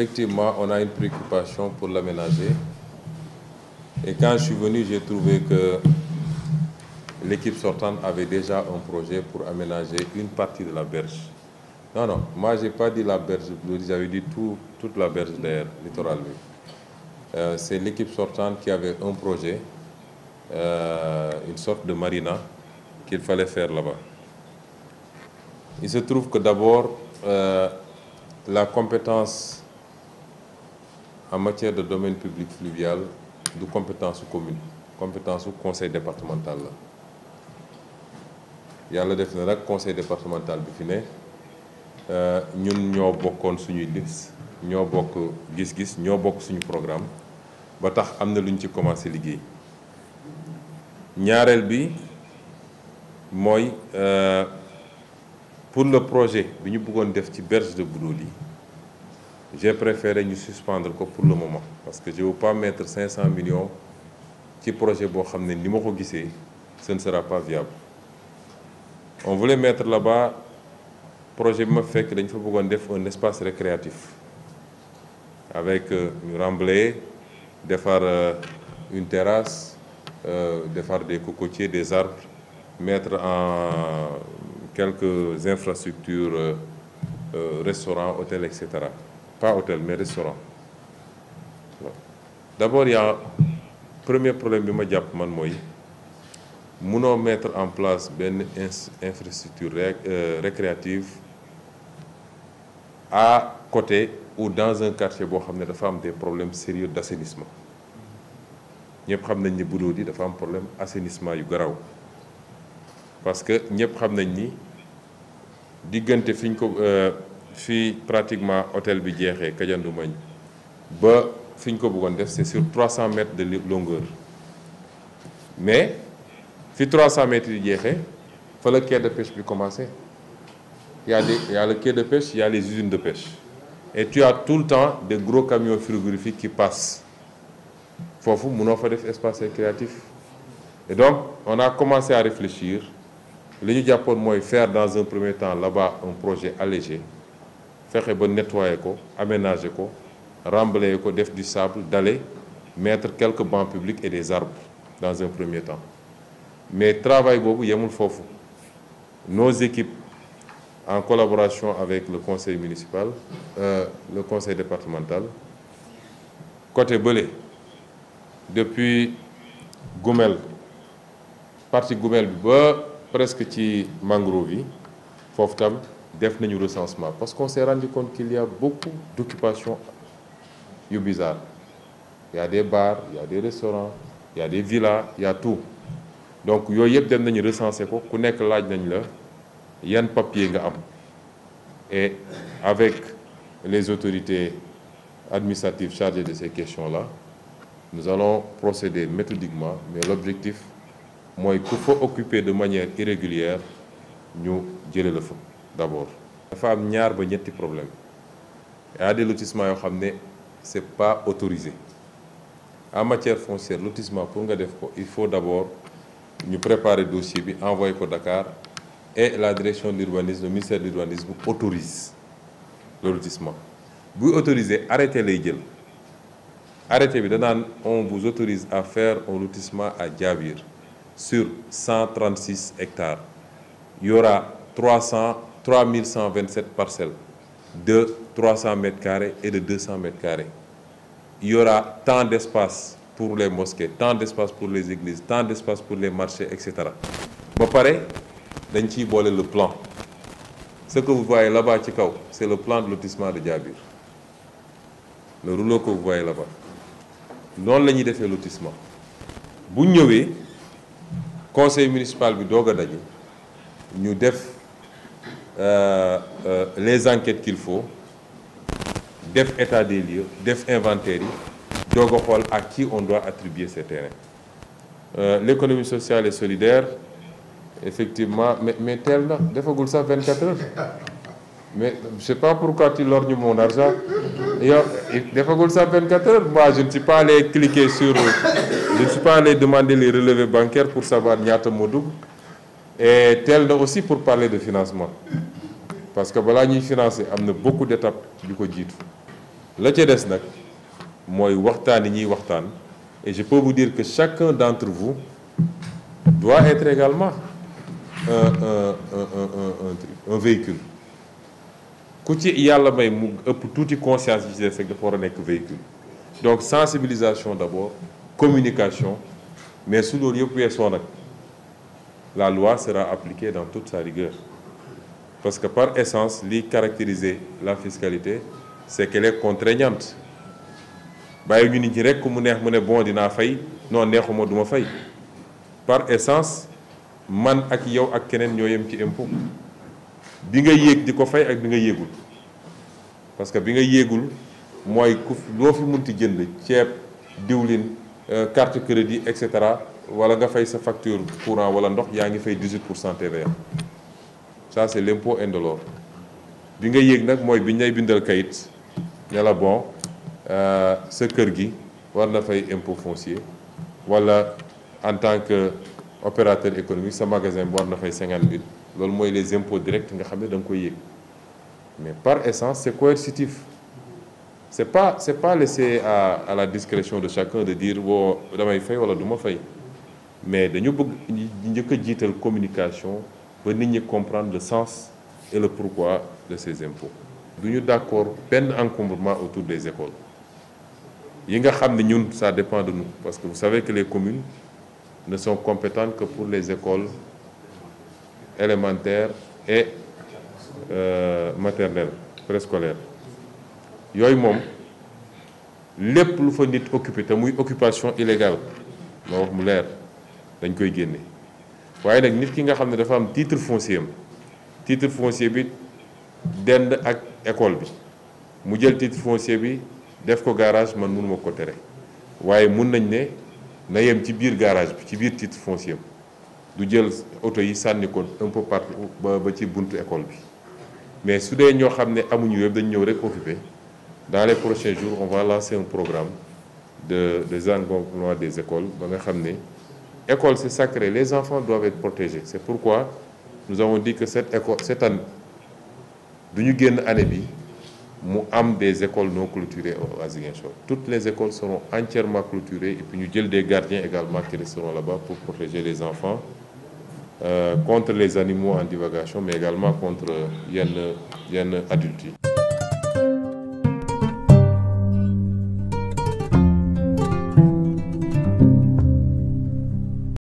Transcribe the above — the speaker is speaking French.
effectivement, on a une préoccupation pour l'aménager. Et quand je suis venu, j'ai trouvé que l'équipe sortante avait déjà un projet pour aménager une partie de la berge. Non, non, moi j'ai pas dit la berge j'avais dit toute la berge d'air, littoral. Euh, c'est l'équipe sortante qui avait un projet, euh, une sorte de marina qu'il fallait faire là-bas. Il se trouve que d'abord, euh, la compétence en matière de domaine public fluvial de compétences communes, commune compétence conseil départemental Il y a le conseil départemental qui euh, programme ba tax à commencé euh, pour le projet bi ñu avons def berge de Goudomp j'ai préféré nous suspendre pour le moment parce que je ne veux pas mettre 500 millions qui projet pour xam ne ce ne sera pas viable on voulait mettre là-bas projet qui fait qu'il dañ un espace récréatif avec une euh, de euh, une terrasse euh, de faire des cocotiers des arbres mettre en quelques infrastructures restaurants hôtels etc., pas hôtel, mais restaurant. D'abord, il y a un premier problème que je man moy faut mettre en place une infrastructure euh, récréative à côté ou dans un quartier où il y a des problèmes sérieux d'assainissement. nous y que des ni d'assainissement. parce que nous y que ni problèmes fi pratiquement hôtel bi jexé Kajandu ba ko def c'est sur 300 mètres de longueur mais fi 300 mètres de di il fa le quai de pêche bi commencer. Il y a le quai de pêche il y a les usines de pêche et tu as tout le temps des gros camions frigorifiques qui passent Fofu, mëno fa def espace créatif. et donc on a commencé à réfléchir li ñu il faut faire dans un premier temps là-bas un projet allégé Faire ba nettoyer ko aménager ko rambler ko def du sable d'aller mettre quelques bancs publics et des arbres dans un premier temps mais travail est yemul nos équipes en collaboration avec le conseil municipal euh, le conseil départemental côté belé depuis Goumel, partie Goumel presque ci mangrove fofu def nañu recensement parce qu'on s'est rendu compte qu'il y a beaucoup d'occupations bizarres il y a des bars il y a des restaurants il y a des villas il y a tout donc il y dem nañu recenser ko ku nek laaj nañ la un papier et avec les autorités administratives chargées de ces questions-là nous allons procéder méthodiquement mais l'objectif moi il faut occuper de manière irrégulière nous jëlé le fond d'abord la n'y ñaar ba ñetti problème y a des lotissements qui ne c'est pas autorisé en matière foncière lotissement pour il faut d'abord nous préparer dossier envoyer pour Dakar et la direction de l'urbanisme le ministère de l'urbanisme autorise le lotissement Vous autorisez, arrêtez les gilets. arrêtez on vous autorise à faire un lotissement à Javir sur 136 hectares il y aura 300 3127 parcelles de 300 mètres carrés et de 200 mètres carrés. Il y aura tant d'espace pour les mosquées, tant d'espace pour les églises, tant d'espace pour les marchés, etc. Bon, pareil, le plan. Ce que vous voyez là-bas, c'est le plan de lotissement de Diabir. Le rouleau que vous voyez là-bas. Non, là, fait le lotissement. Si vous le conseil municipal, nous avons euh, euh, les enquêtes qu'il faut def état des lieux def inventaire donc à qui on doit attribuer ces terrains euh, l'économie sociale et solidaire effectivement mais mais tel que ça ça 24 heures mais je sais pas pourquoi tu lorgnes mon argent que ça ça 24 heures moi je ne suis pas allé cliquer sur je ne suis pas allé demander les relevés bancaires pour savoir ñaata modou et tel aussi pour parler de financement parce que voilà, nous financer beaucoup d'étapes du ko Le la ca des nag et je peux vous dire que chacun d'entre vous doit être également un véhicule ku ci yàlla may mu conscience véhicule donc sensibilisation d'abord communication mais sous puis yëpp weesoo la loi sera appliquée dans toute sa rigueur. Parce que par essence, li caractériser la fiscalité, c'est qu'elle est contraignante. Bah ñu nit ñi rek mu neex mu ne bon dinaa fay non pas duma fay par essence man ak yow ak keneen ñoo yem ci impôt bi nga yéeg di ko fay ak bi nga yéegul parce que bi nga moi, mooy ku loo fi munti jënd ceeb diwlin euh, carte crédit etc., wala nga fait sa facture courant wala ndox a ngi fay 18 pour TVA ça c'est l'impôt indolore bi nga yéeg nag mooy bi ñu bindal kayit ña l'impôt bon euh, impôt foncier wala en tant que opérateur économique sa magasin voilà, war na fay 50 000 loolu les impôts directs nga xam ne da mais par essence c'est coercitif c'est pas c'est pas laissé à à la discrétion de chacun de dire woo damay fay wala du ma fay mais dañu bëgg a communication ba comprendre le sens et le pourquoi de ces impôts Nous d'accord peine encombrement autour des écoles yi nga que ça dépend de nous parce que vous savez que les communes ne sont compétentes que pour les écoles élémentaires et euh, maternelles préscolaires yoy mom lepp lu fa nit muy occupation illégale dañ koy génne waaye nag nit ki nga xam ne dafa am titre foncier am titre foncier bi dend ak école bi mu jël titre foncier bi def ko garage man mënuma ko tere waaye mun nañ ne na yem ci biir garage bi ci biir titre foncier am du jël auto yi sànni ko un peu partout ba ba ci buntu école bi mais su dee ñoo xam ne amuñu yëpp dañ ñëw rek occupé dans les prochains jours on va lancer un programme de de désencombrement des écoles ba nga xam ne. École, c'est sacré. Les enfants doivent être protégés. C'est pourquoi nous avons dit que cette, école, cette année, nous avons des écoles non clôturées à Toutes les écoles seront entièrement clôturées et puis nous avons des gardiens également qui resteront là-bas pour protéger les enfants euh, contre les animaux en divagation, mais également contre les euh, adultes.